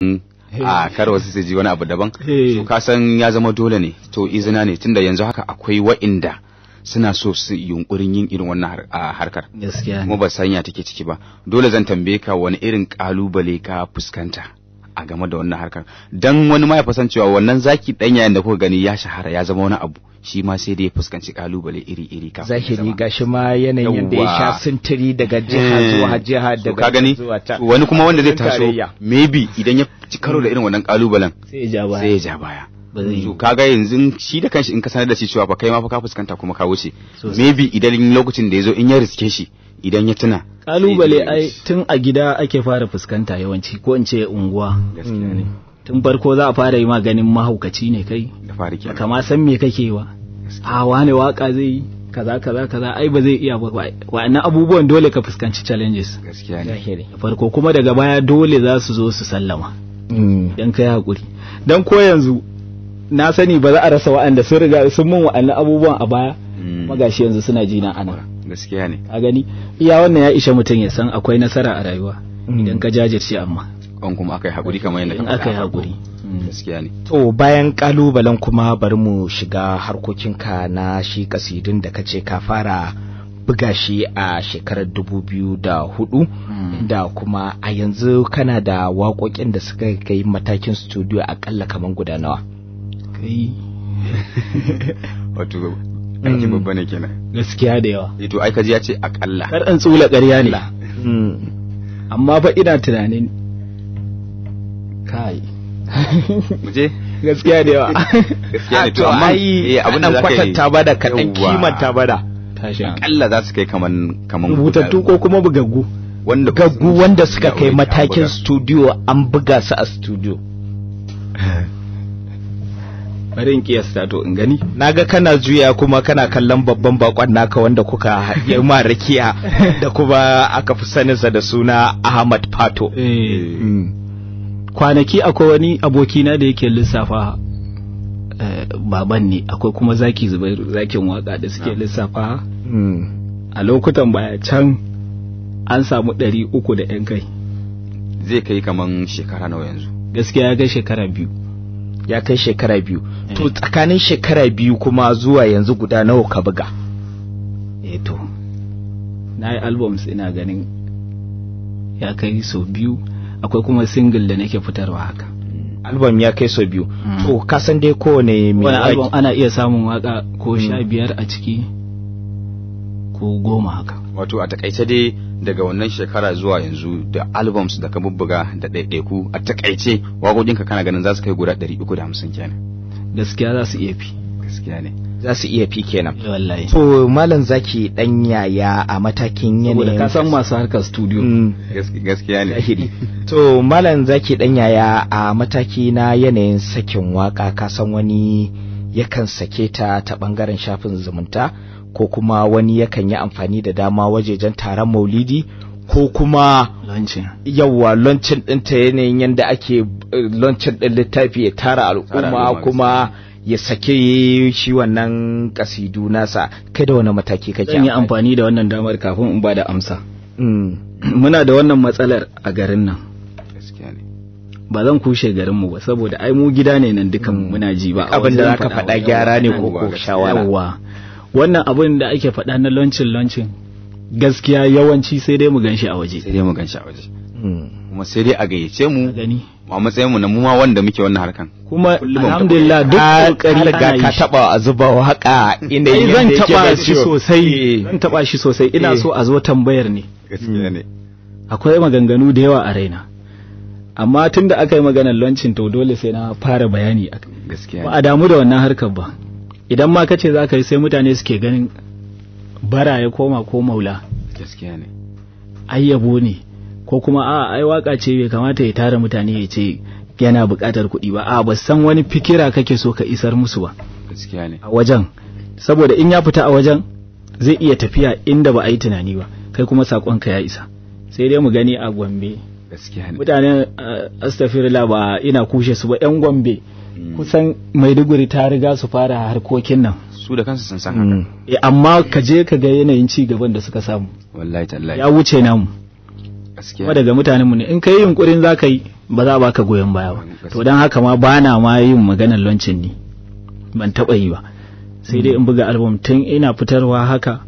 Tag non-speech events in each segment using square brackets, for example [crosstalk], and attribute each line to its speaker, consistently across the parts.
Speaker 1: Hmm. a ah, kar wasu sai ji wani abu daban eh. so ka san ya zama dole ne to izina ne tunda yanzu haka akwai wa'inda suna so su yunkurin yin irin wannan ah, harkar kuma ba sanya take ciki ba dole zan tambaye ka wani irin kalubale ka fuskanta a game da wannan harkar dan wani ma ya fasan cewa wannan zaki danyayen da kuka gani ya shahara ya zama wani abu shi ma sai da ya fuskanci kalubale iri-iri kafin
Speaker 2: zahiri gashi ma yanayin da ya sha sintiri daga jiha eh, zuwa jiha daga ka gani wani kuma wanda zai taso
Speaker 1: maybe idan ya ci karo da irin wannan kalubalen sai ya ja baya to kaga yanzu shi da kanshi in ka sanar da shi cewa fa kai ma fa ka fuskanta kuma ka wuce maybe idan lokacin da ya zo in ya riske shi idan ya tuna
Speaker 2: kalubale ai tun a gida ake fara fuskanta yawanci ko in ce unguwa gaskiya ne mm. tun farko za a fara yi maganin mahaukaci ne kai da fara kama san me kake wa a wane waka zai yi kaza kaza kaza ai ba zai iya ba wa'annan abubuwan dole ka fuskanci challenges gaskiya ne farko kuma daga baya dole za su zo su sallama mm. dan kai hakuri dan ko yanzu na sani ba za a rasa wa'anda sun riga sun mun wa'annan abubuwan a baya mm. magashi yanzu suna ji na ana gaskiya ne a gani iya wannan ya ishe mutum ya san akwai nasara a rayuwa mm. idan ka jajirce amma
Speaker 1: an kuma akai hakuri kamar yadda ka faɗa akai hakuri gaskiya ne
Speaker 2: to bayan kalubalen kuma bari mu shiga harkokinka na shi kasidun da kace ka fara buga shi a shekarar dubu biyu da hudu hmm. da kuma a yanzu kana da waƙoƙin da suka kai matakin studio akalla kamar guda nawa
Speaker 1: kai [laughs] wato hmm. ƙarfi babba ne kenan gaskiya da yawa ito eh ai kaji ya ce akalla kar an
Speaker 2: tsula ƙarya
Speaker 1: ne hmm.
Speaker 2: amma ba ina tunanin kai muje gaskiya da yawa
Speaker 1: gaskiya ne ah, to amma eh abin da kwatanta bada
Speaker 2: ka dan kimanta bada
Speaker 1: tashi akalla za su kai kaman kaman butattu
Speaker 2: ko kuma bugaggu wanda gaggu wanda suka kai matakin studio an buga su a studio [laughs] bari in kiyasta to in gani Na ga kana juya kuma kana kallon babban bakon naka wanda kuka yi rakiya [laughs] da kuma aka fi saninsa da suna Ahmad Fato. eh mm. kwanaki akwai wani abokina da yake lissafa eh, baban ne akwai kuma zaki zubairu zakin waka da suke ah. lissafa hmm. a lokutan baya can an samu ɗari uku da yan kai zai kai kaman shekara nawa yanzu gaskiya ya kai shekara biyu ya kai shekara biyu eh. to tsakanin shekara biyu kuma zuwa yanzu guda nawa ka buga eto eh, na yi albums ina ganin ya kai sau biyu akwai kuma single da nake fitarwa haka mm, album ya kai sau biyu mm. to ka san dai kowane mai wani album ana iya samun waka ko mm. sha biyar a ciki ko goma haka
Speaker 1: wato a takaice dai daga wannan shekara zuwa yanzu da albums da ka bubbuga da ɗaiɗaiku a takaice wakokinka kana ganin za su kai guda ɗari uku da hamsin kenan
Speaker 2: gaskiya za su iya fi gaskiya ne
Speaker 1: za su iya fi kenan eh,
Speaker 2: to malam zaki dan yaya a matakin yanayin ka san masu harkar studio mm. gaskiya ne to malam zaki dan yaya a mataki na yanayin sakin waka ka san wani yakan sake ta ta bangaren shafin zumunta ko kuma wani yakan yi amfani da dama wajejen taron maulidi ko kuma yawwa launching ɗinta yanayin yadda ake eh, launching ɗin littafi ya tara al'umma kuma ya sake shi wannan kasidu nasa kai da wani mataki kake zan yi amfani da wannan damar kafin in ba da amsa mm. [clears throat] muna da wannan matsalar a garin nan ba zan kushe garin mu ba saboda ai mu gida ne nan dukan mm. muna ji ba abin da zaka faɗa gyara ne ko ko shawara wannan abin da ake faɗa na launching launching gaskiya yawanci
Speaker 1: sai dai mu ganshi a waje sai dai mu ganshi a waje mm. kuma sai dai a gayyace mu a matsayin mu na mu ma wanda muke wannan harkan
Speaker 2: kuma alhamdulillah duk kokari ga ka taba zuba haka inda yake eh. zan taba shi sosai zan taba shi sosai ina eh. so a zo tambayar ne gaskiya ne akwai maganganu da yawa a raina amma tun da aka yi maganar launching to dole sai na fara bayani
Speaker 3: gaskiya
Speaker 1: ba
Speaker 2: a damu da wannan harkar ba idan ma kace za ka yi sai mutane suke ganin bara ya koma ko maula gaskiya ne ayyabo ne ko kuma a ai waka ce bai kamata ya tara mutane ya ce yana buƙatar kuɗi ba a ba san wani fikira kake so ka isar musu ba gaskiya ne a wajen saboda in ya fita a wajen zai iya tafiya inda ba a yi tunani ba kai kuma sakonka ya isa sai dai mu gani a Gombe gaskiya ne mutanen eh, astaghfirullah ba ina kushe su ba yan Gombe hmm. kusan Maiduguri ta riga su fara harkokin nan
Speaker 1: su da kansu sun san hmm.
Speaker 2: haka eh, amma ka je ka ga yanayin ci gaban da suka samu
Speaker 1: wallahi tallahi
Speaker 2: ya wuce namu kuma daga mutanen mu ne in kai yunkurin za ka yi ba za a baka goyon baya ba to don haka ma ba na ma yin maganar lancin ni ban taɓa yi ba sai dai in buga album tun ina fitarwa haka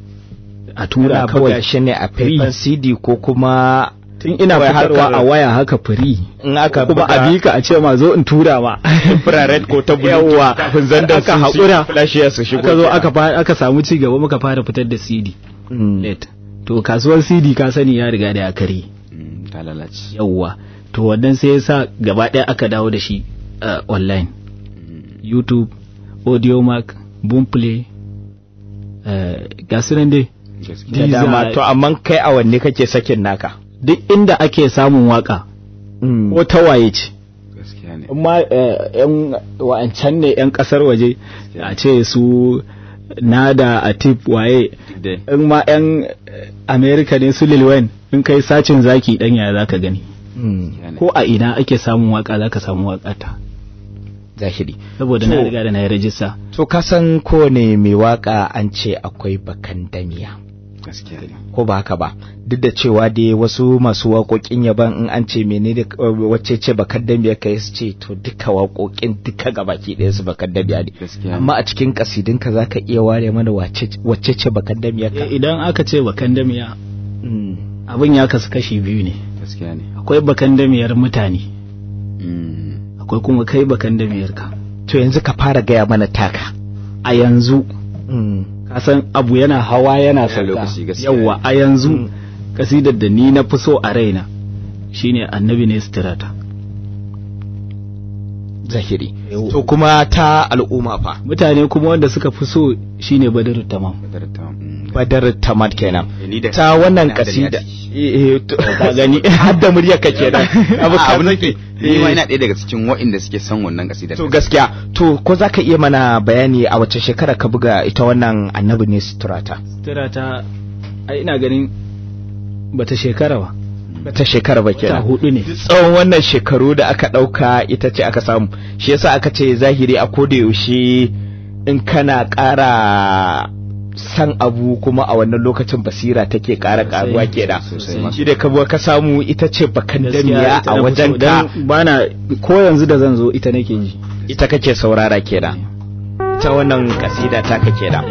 Speaker 2: a tura kawai shi ne a paper cd ko kuma tun ina fitarwa a waya haka free in aka kuma a bika a ce ma zo in tura ma infrared ko ta bulu yawa kafin zandan aka hakura flash ya su shigo aka zo aka aka samu ci gaba muka fara fitar da cd mm. net to kasuwar cd ka sani ya riga da ya kare ta lalace yawwa to wannan sai yasa gaba ɗaya aka dawo da shi uh, online youtube Mac, boomplay uh, Gasiran su nan dai da dama to amma kai a wanne kake sakin naka duk inda ake samun waka mm. ko ta waye ce Gaskiya ne. amma uh, yan wa'ancan ne yan kasar waje a ce su na nada tip waye in ma yan america ne su lil wayne in kai sacin zaki dan ya zaka gani hmm. ko a ina ake samun waka zaka samu wakata. zahiri saboda na riga da na yi rajista to kasan ko ne mai waka an ce akwai bakan damiya ko ba haka ba duk da cewa da wasu masu waƙoƙin yaban in an ce menene eh, wacce ce bakar biya kai su ce to duka waƙoƙin duka gabaki ɗaya su bakar biya ne amma a cikin kasidin ka ka iya ware mana wacce ce bakar biya ka eh, idan aka ce bakar biya hmm. abin ya kasu kashi biyu ne akwai bakan damiyar mutane hmm. akwai kuma kai bakan damiyar ka to yanzu ka fara gaya mana taka a yanzu hmm. kasan abu yana hawa yana sauka yawa a yanzu mm. kasidar da ni na fi so a raina shine annabi ne sitirata zahiri to kuma ta al'umma fa mutane kuma wanda suka fi so shine badar tamam badar tamam mm. kenan eh, ta wannan kasida ta
Speaker 1: eh, eh, oh, [laughs] gani har da murya ka kenan [laughs] ah, abu kamar ke ni ma ina ɗaya daga cikin waɗanda suke son wannan kasida to gaskiya
Speaker 2: to ko zaka iya mana bayani a wace shekara ka buga ita wannan annabi ne suturata
Speaker 1: suturata ai ina ganin
Speaker 2: bata shekara ba ta shekara ba da hudu ne tsawon wannan shekaru da aka dauka ita ce aka samu shi yasa aka ce zahiri a koda yaushe in kana kara san abu kuma a wannan lokacin basira take karuwa ke da shi da kabuwa ka samu ita ce bakan damiya a wajen ka bana ko yanzu da zan zo ita nake ji ita kake saurara da ita wannan kasida ta kake da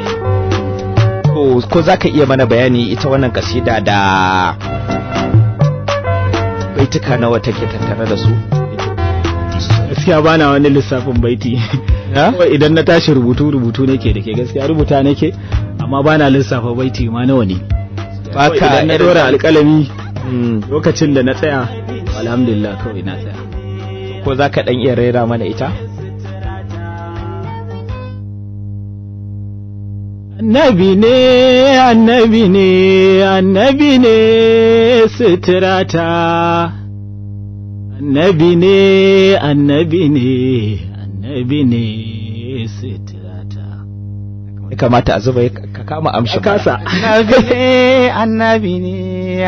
Speaker 2: ko za ka iya mana bayani ita wannan kasida da baituka nawa take tattare da su gaskiya ba na wani lissafin baiti idan na tashi rubutu rubutu nake da ke gaskiya rubuta nake amma ba na lissafa baiti ma nawa ne ba idan na dora alƙalami hmm. lokacin da na tsaya alhamdulillah kawai na tsaya ko za ka ɗan iya rera mana ita annabi ne annabi ne annabi ne suturata annabi ne annabi ne annabi ne suturata ya kamata a zuba ka kama amshi kasa
Speaker 1: annabi ne annabi ne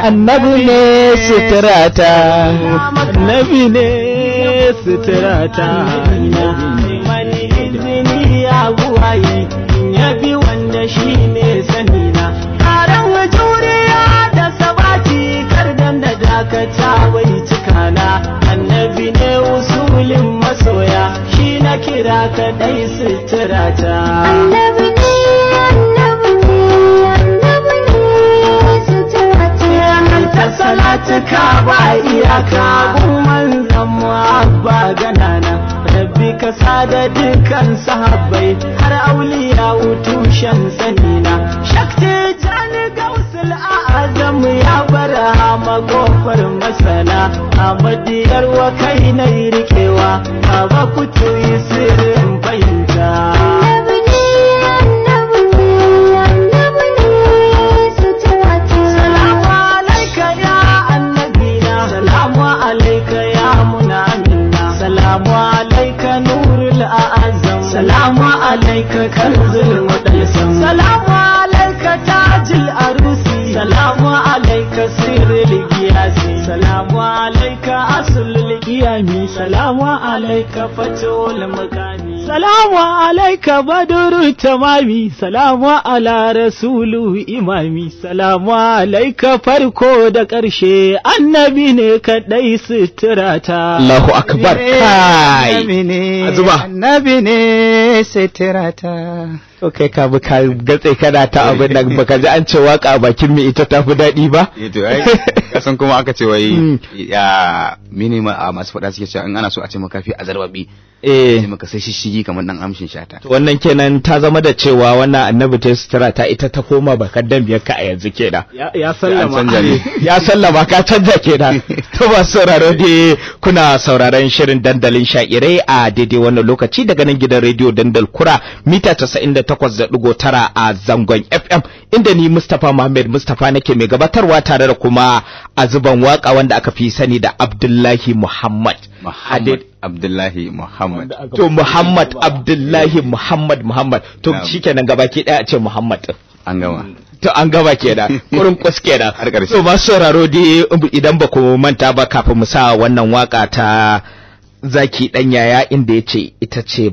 Speaker 3: annabi ne suturata annabi ne suturata annabi ne mani izini Shi shine sani na karan juriya da sabati kardan da dakata bai cikana annabi ne usulin masoya shi na kira kaɗai suturata annabi ne annabi ne annabi ne suturata salatuka ba iyaka kuma zama ba ganana ka tsada dukkan sahabbai har auliya tushen sanina shakti jani gausul azam ya bara makofar masana a madiyar wa kai na salamu alaika badru tamami salamu ala rasulu imami salamu alaika farko da ƙarshe annabi ne kadai suturata Allahu akbar eh, kai annabi ne annabi ne suturata to
Speaker 2: kai ka bi ka gatse kana ta abin nan baka ji an ce waka a bakin mai ita ta fi daɗi ba
Speaker 1: eh to ai kasan kuma aka ce wai hmm. ya minima a masu faɗa suke cewa in ana so a ce makafi a zarbabi eh maka sai shishigi kamar dan amshin shata
Speaker 2: to wannan kenan ta zama da cewa wannan annabi ta sutura ta ita ta koma bakar dan biyar ka a yanzu kenan
Speaker 1: ya sallama
Speaker 2: [laughs] ya sallama ka canja kenan [laughs] to ba sauraro dai kuna sauraron shirin dandalin shakirai a daidai wannan lokaci daga nan gidan rediyo dandal kura mita 98 98.9 a zangon FM inda ni Mustapha Muhammad Mustapha nake mai gabatarwa tare da kuma a zuban waka wanda aka fi sani da Abdullahi Muhammad.
Speaker 1: Muhammad Abdullahi Muhammad.
Speaker 2: To Muhammad Abdullahi Muhammad Muhammad to shikenan gabaki daya a ce Muhammad. An gama. to an gaba kenan [laughs] kurin kwas kenan har ƙarshe to ba sauraro idan ba ku manta ba kafin mu sa wannan waka ta zaki ɗan yaya inda yace ita ce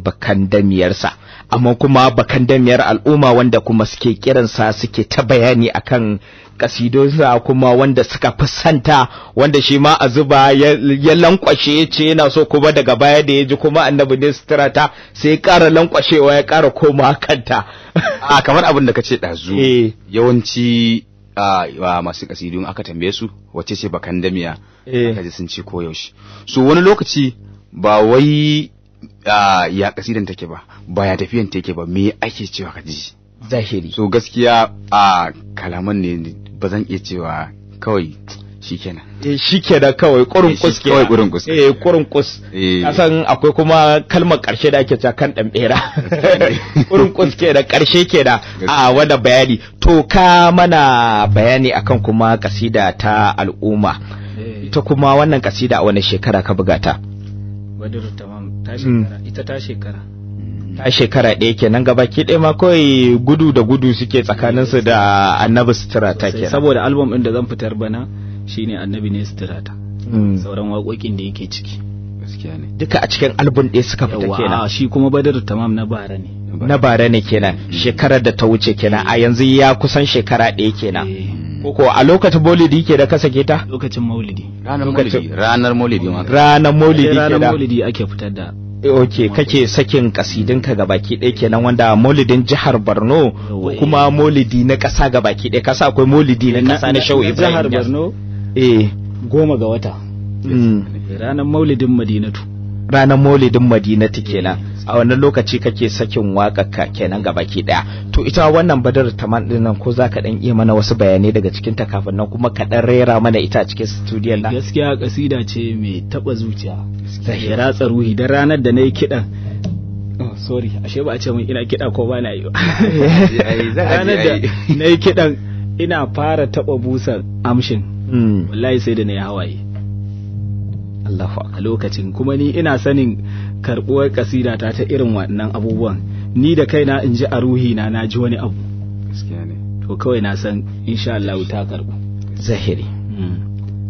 Speaker 2: damiyarsa. amma kuma bakan damiyar al'umma wanda kuma suke kiransa suke ta bayani akan kasidonsa kuma wanda suka fi santa wanda shi ma a zuba ya lankwashe ya ce yana so kuma daga baya da ya ji kuma annabi ne sutura ta sai kara ƙara lankwashewa ya ƙara koma kanta
Speaker 1: a kamar abin da ka ce ɗazu eh. yawanci masu kasidun aka tambaye su wacce ce bakan damiya eh. aka ji sun ce koyaushe so wani lokaci ba wai ya kasidan take ba ba ya tafiyan take ba me ake cewa ka ji zahiri so gaskiya a kalaman ne ba zan iya cewa kawai shikenan
Speaker 2: eh shikenan kawai kurun kus kawai kurun kus eh kurun kus kasan akwai kuma kalmar karshe da ake cewa kan dan bera [laughs] kurun kus ke da karshe ke da a wanda bayani to ka mana bayani akan kuma kasida ta al'umma eh. ita kuma wannan kasida a wani shekara ka buga ta badar tamam ta mm. shekara ita ta shekara mm. ta shekara ɗaya kenan gaba ki ɗaya ma kawai gudu da gudu suke tsakaninsu da annabi sutura ta kenan saboda album ɗin da zan fitar bana shine annabi ne sutura ta mm. sauran waƙoƙin da yake ciki gaskiya ne duka a cikin album ɗaya suka fita kenan shi kuma badar tamam na bara ne na bara ne kenan shekarar da ta wuce kenan a yanzu ya kusan shekara ɗaya kenan eh. Koko mm. a lokacin maulidi ke da kasa ke ta? Lokacin maulidi. Ranar maulidi. Ranar maulidi Ranar maulidi eh, ke da. Ranar maulidi ake fitar da. ok kake sakin kasidinka gaba baki ɗaya kenan wanda maulidin jihar borno kuma maulidi na ƙasa gaba baki ɗaya kasa akwai maulidi na ƙasa na shau ibrahim jihar borno eh goma ga wata mm. ranar maulidin madinatu ranar maulidin madinatu kenan a wannan lokaci kake sakin ka kenan gaba ki daya to ita wannan badar taman din nan ko zaka dan iya mana wasu bayanai daga cikin ta kafin nan kuma ka dan rera mana ita a cikin studio na. gaskiya kasida ce mai taba zuciya sai ratsa ruhi dan ranar da nayi kidan oh, sorry ashe ba a ce mun ina kida ko ba na yi ranar da na yi ina fara taɓa busar amshin hmm. wallahi sai da na yi hawaye Allahu a lokacin kuma ni ina sanin karɓuwar ƙasida ta ta irin waɗannan abubuwan ni da kaina in ji a ruhina na ji wani abu to kawai na san insha Allah ta karɓu zahiri mm.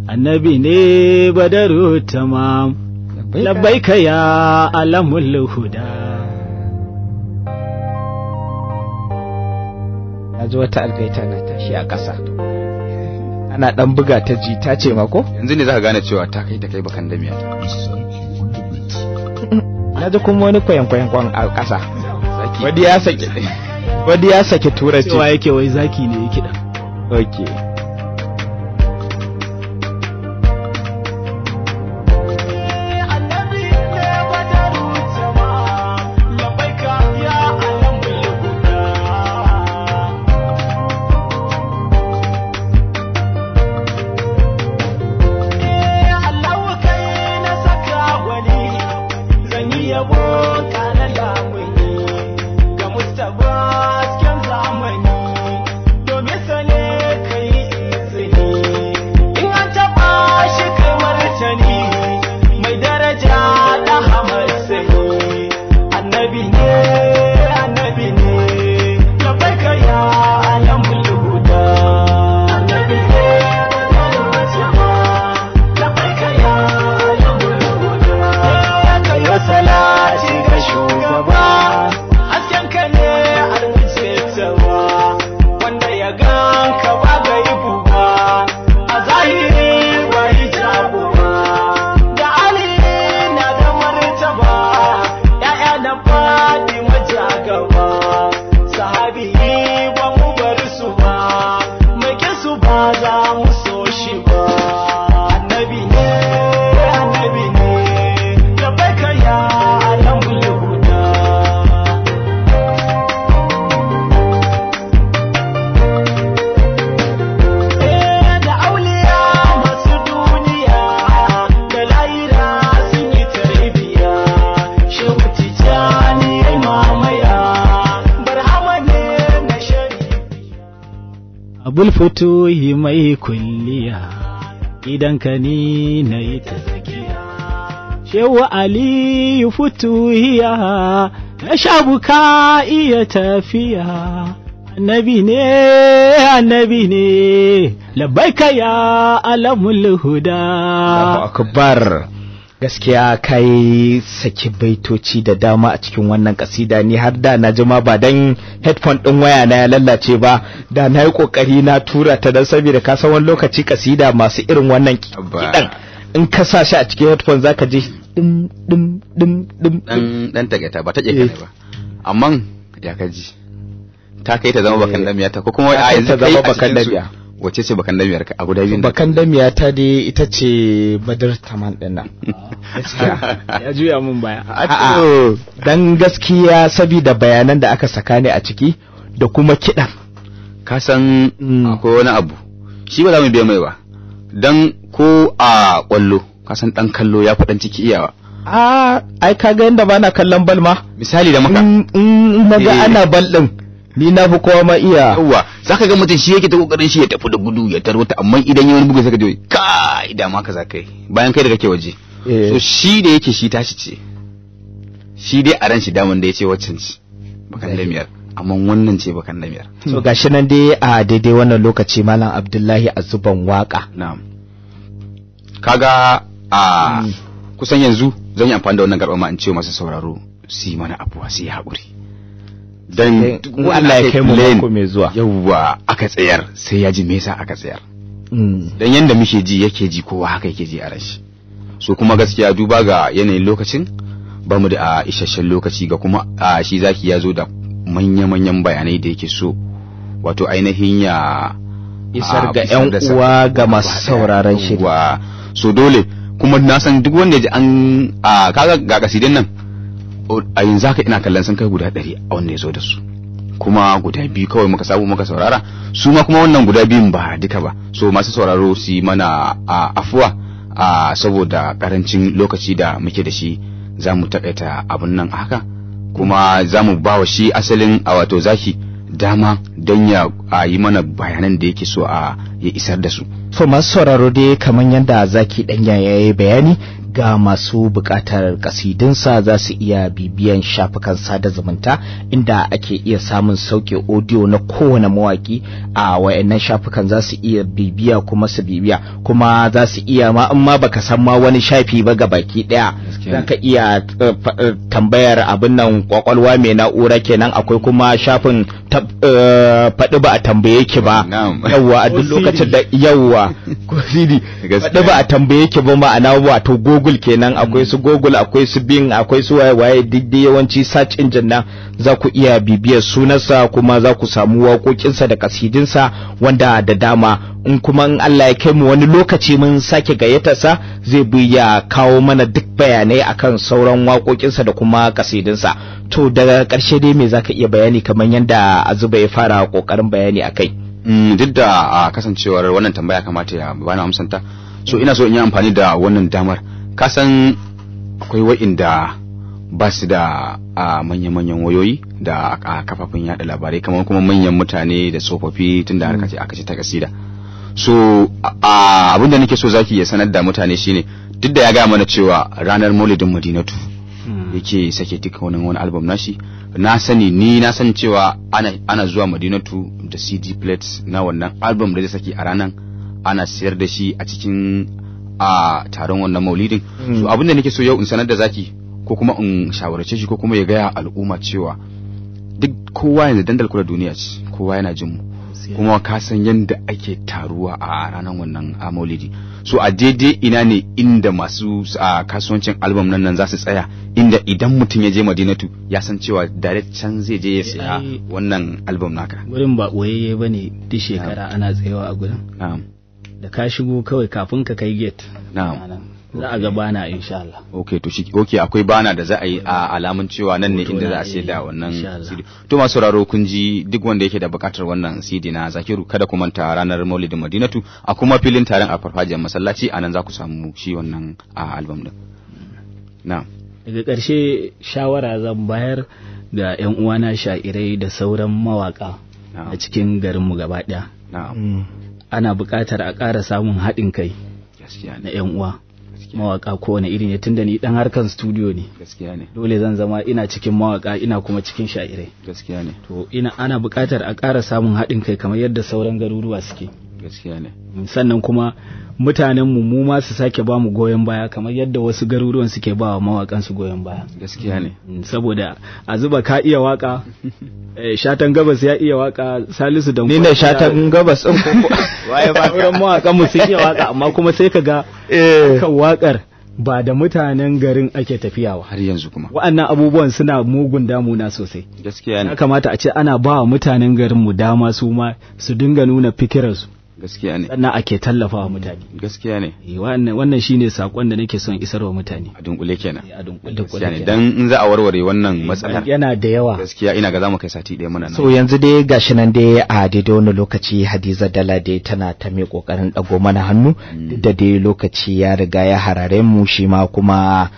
Speaker 2: annabi ne badaru tamam labbaika ya alamul huda na ji wata algaita na tashi a ƙasa
Speaker 1: ana ɗan buga ta ji ta ce mako yanzu ne za ka gane cewa ta kai ta kai bakan damiya.
Speaker 2: na ji kuma wani kwayan-kwayan kwan a ƙasa wadda ya saki turanci cewa yake wai zaki ne ya kiɗa bilfutuhi mai kulliya
Speaker 3: idan ka ni na yi ta tsakiya yi aliyu futuhiya na shabuka iya tafiya annabi ne annabi ne labbaika ya
Speaker 2: alamul huda akbar gaskiya kai saki baitoci da dama a cikin wannan kasida ni har da na jima ba dan headphone din waya na ya lallace ba da na yi kokari na tura ta dan saboda ka san wani lokaci kasida
Speaker 1: masu irin wannan kidan in ka sa shi a cikin headphone zaka ji dim dim dim dim dan dan ta ba ta ke ba amma ya kaji ta kai ta zama eh. bakan damiya ta ko kuma a yanzu ta zama bakan damiya wace ce bakan damiyar ka a guda biyu bakan damiya ta dai ita ce badar taman din nan ah, ya juya
Speaker 2: mun baya [laughs] dan gaskiya sabida bayanan da aka saka ne a ciki
Speaker 1: da kuma kiɗa ka san akwai wani abu shi ba za mu biya mai ba dan ko a kwallo ka san dan kallo ya fadan ciki iyawa a
Speaker 2: ai kaga yanda bana kallon bal ma misali da maka in naga eh. ana bal din
Speaker 1: ni na fi kowa ma iya yawa zaka ga mutum shi yake ta kokarin shi ya tafi da gudu ya tarwata amma idan yawan bugu sai ka je ka idan ma ka zakai bayan kai da kake waje eh. so shi da yake shi tashi ce shi dai a ran shi daman da yace waccan ci bakan lamiyar amma wannan ce bakan lamiyar
Speaker 2: so gashi nan dai a daidai wannan lokaci malam abdullahi a zuban waka
Speaker 1: na'am kaga a mm. kusan yanzu zan yi amfani da wannan garba ma in ce masu sauraro su yi mana abuwa su yi haƙuri dan Allah ya kai mu mako mai zuwa yawwa aka tsayar sai ya ji me yasa aka tsayar mm. dan yanda muke ji yake ji kowa haka yake ji a rashi so kuma gaskiya duba ga yanayin lokacin ba mu da isasshen lokaci ga kuma shi zaki ya zo da manya-manyan bayanai da yake so wato ainihin ya isar ga yan uwa ga masu sauraron shi so dole kuma na san duk wanda ya ji an kaga ga kasidan nan a yanzu haka ina kallon sun kai guda ɗari a wanda ya zo da su kuma guda biyu kawai muka samu muka saurara su ma kuma wannan guda biyun ba duka ba so masu sauraro su mana a afuwa a saboda karancin lokaci da muke da shi za mu takaita abin nan haka kuma za mu ba wa shi asalin a wato zaki dama don ya yi mana bayanan da yake so a ya isar da su. To masu
Speaker 2: sauraro dai kamar yadda zaki ɗanya ya yi bayani ga masu buƙatar ƙasidinsa za su iya bibiyan shafukan sada zumunta inda ake iya samun sauke audio na kowane mawaki a wayannan shafukan za su iya bibiya kuma su bibiya kuma za su iya ma in ma baka san ma wani shafi ba ga baki ɗaya zaka ka iya eh, eh, tambayar abin nan kwakwalwa mai na'ura kenan akwai kuma shafin eh, faɗi ba a tambaye ki ba yawwa a duk lokacin da yawwa [laughs] faɗi ba a tambaye ki ba ma'ana wato google kenan mm. akwai su google akwai su bing akwai su waye waye duk yawanci search engine na za ku iya bibiyar sunansa kuma za ku samu waƙoƙinsa da kasidinsa wanda da dama in kuma in Allah ya kai mu wani lokaci mun sake gayyatarsa zai bi ya kawo mana duk bayanai akan sauran waƙoƙinsa da kuma kasidinsa to daga ƙarshe dai me zaka iya bayani kamar yadda Azuba
Speaker 1: ya fara ƙoƙarin bayani akai mm, duk da kasancewar wannan tambaya kamata ya bani amsanta so ina so in yi amfani da wannan damar kasan akwai wa'inda ba su da manya-manyan wayoyi da a kafafen yada labarai kamar kuma manyan mutane da tsofaffi tun da aka ce ta kasida so abinda nake so zaki ya sanar da mutane shine duk da ya gaya mana cewa ranar maulidin madinatu hmm. yake sake duka wani wani album nashi na sani ni na san cewa ana, zuwa madinatu da cd plates na wannan album da zai saki a ranar ana siyar da shi a cikin a taron wannan maulidin hmm. so abin da nake so yau in sanar da zaki ko kuma in shawarce shi ko kuma ya gaya al'umma cewa duk kowa yanzu dandal kula duniya ce kowa yana jin mu kuma ka san yadda ake taruwa a ranar wannan maulidi so a daidai ina ne inda masu kasuwancin album nan nan za su tsaya inda idan mutum ya je madinatu ya san cewa direct can zai je ya saya wannan album naka
Speaker 2: gurin ba ɓoyayye ba ne duk shekara ana tsayawa a gurin da ka shigo kawai kafin ka kai gate na'am za a ga bana insha Allah
Speaker 1: okay to shi okay akwai bana da za a yi a alamun cewa nan ne inda za a da wannan CD to masu sauraro kun ji duk wanda yake da bukatar wannan CD na Zakiru kada ku manta ranar Maulidin Madinatu a kuma filin taron a farfajiyar masallaci anan za ku samu shi wannan album din na'am daga
Speaker 2: ƙarshe shawara zan bayar ga 'yan uwana sha'irai da sauran mawaka a cikin garinmu gaba ɗaya na'am mm. ana buƙatar a ƙara samun haɗin kai na 'yan uwa mawaka kowane iri ne tunda ni dan harkan studio ne gaskiya ne dole zan zama ina cikin mawaka ina kuma cikin sha'irai gaskiya ne to ina ana buƙatar a ƙara samun haɗin kai kamar yadda sauran garuruwa suke gaskiya ne sannan kuma mutanen mu mu ma su sake ba mu goyon baya kamar yadda wasu garuruwan suke ba wa mawakan su goyon baya gaskiya ne mm, saboda a zuba ka iya waka [laughs] eh, shatan gabas ya iya waka salisu da ni ne shatan gabas din ko [laughs] waye ba sauran mawakan mu sun iya waka amma kuma sai ka ga eh. kan wakar ba da mutanen garin ake tafiya ba har yanzu kuma wa'annan abubuwan suna mugun damuna sosai gaskiya ne kamata a ce ana ba wa mutanen garin mu dama su ma su dinga nuna fikirarsu gaskiya ne sannan ake tallafawa mutane gaskiya ne eh, wannan wannan shine sakon da nake son isarwa mutane
Speaker 1: a dunkule kenan eh, a dunkule ne dan in za a warware wannan eh, matsalar yana da yawa gaskiya ina ga zamu kai sati ɗaya muna nan so
Speaker 2: yanzu dai gashi nan dai a daidai wani lokaci Hadiza Dala dai tana ta mai kokarin dago mana hannu hmm. da dai lokaci ya riga ya harare mu shi ma kuma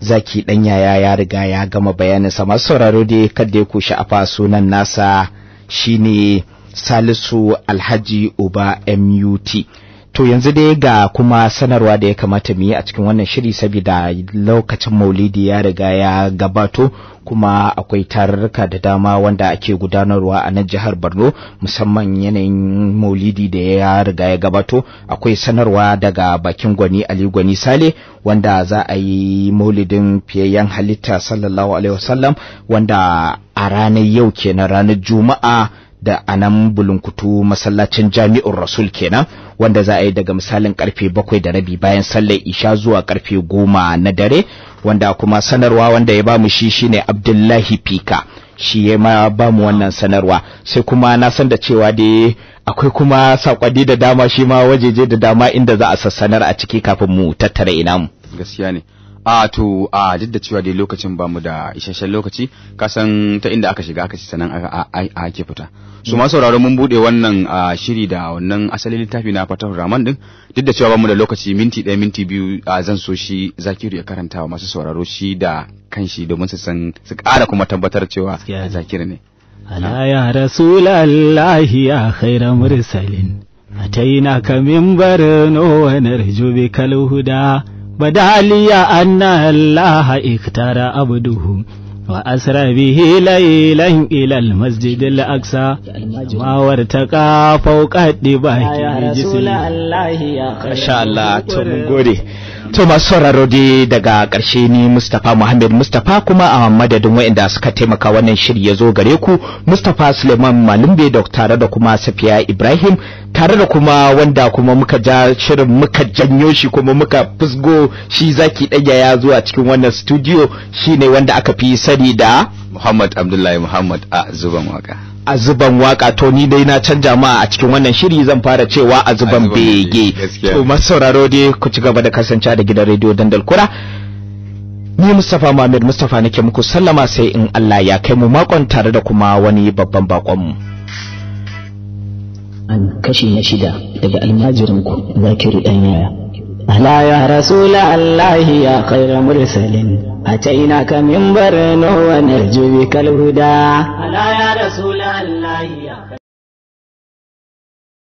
Speaker 2: zaki dan yaya ya riga ya gama bayanin sa masu sauraro dai kada ku sha'afa sunan nasa shine salisu alhaji uba mut to yanzu dai ga kuma sanarwa da ya kamata mu yi a cikin wannan shiri saboda lokacin maulidi ya riga ya gabato kuma akwai tarurruka da dama wanda ake gudanarwa a nan jihar borno musamman yanayin maulidi da ya riga ya gabato akwai sanarwa daga bakin gwani ali gwani sale wanda za a yi maulidin fiyayyen halitta sallallahu alaihi wasallam wanda a ranar yau kenan ranar juma'a da anan bulunkutu masallacin jami'ur rasul kenan wanda za a yi daga misalin karfe bakwai da rabi bayan sallar isha zuwa karfe goma na dare wanda kuma sanarwa wanda ya bamu shi shine abdullahi fika shi ya ma bamu wannan sanarwa sai kuma na san da cewa dai akwai kuma sakwadi da dama shi ma wajeje da dama inda
Speaker 1: za a sassanar a ciki kafin mu tattara ina mu gaskiya ne a to a duk da cewa dai lokacin bamu da isasshen lokaci kasan ta inda aka shiga aka ci sanan ake fita su ma sauraro mun bude wannan shiri da wannan asalin littafi na fatahur rahman din duk da cewa bamu da lokaci minti ɗaya minti biyu zan so shi zakiru ya karanta wa masu sauraro shi da kanshi domin su san su ƙara kuma tabbatar cewa zakiru ne
Speaker 2: ألا يا رسول الله يا خير مرسل أتيناك من برنو ونرجو بك الهدى badaliya anna Allah iktara abduhu wa asra bihi laylan ila al-masjid al-aqsa ma warta ka fauka dibaki
Speaker 3: rasulullahi
Speaker 2: masha Allah to mun gode to masu sauraro daga ƙarshe ni Mustapha Muhammad Mustapha kuma a madadin waɗanda suka taimaka wannan shiri ya zo gare ku Mustapha Suleiman Malumbe Dr. da kuma Safiya Ibrahim tare da kuma wanda kuma muka ja shirin muka janyo shi kuma muka fusgo shi zaki ya zuwa cikin wannan studio
Speaker 1: shine wanda aka fi sani da Muhammad Abdullahi Muhammad a zuban waka
Speaker 2: a zuban waka to ni dai na canja ma a cikin wannan shiri zan fara cewa a zuban bege to masauraro dai ku ci gaba da kasance da gidan rediyo Dandal Kura ni Mustapha Muhammad Mustapha nake muku sallama sai in Allah ya kai mu makon tare da kuma wani babban bakon mu an kashi na shida daga almajirinku za ki riɗan yaya. Ala ya rasula Allah ya kaira mursalin a taina
Speaker 3: ka min bar nowa na jubi kalhuda. Ala ya rasula Allah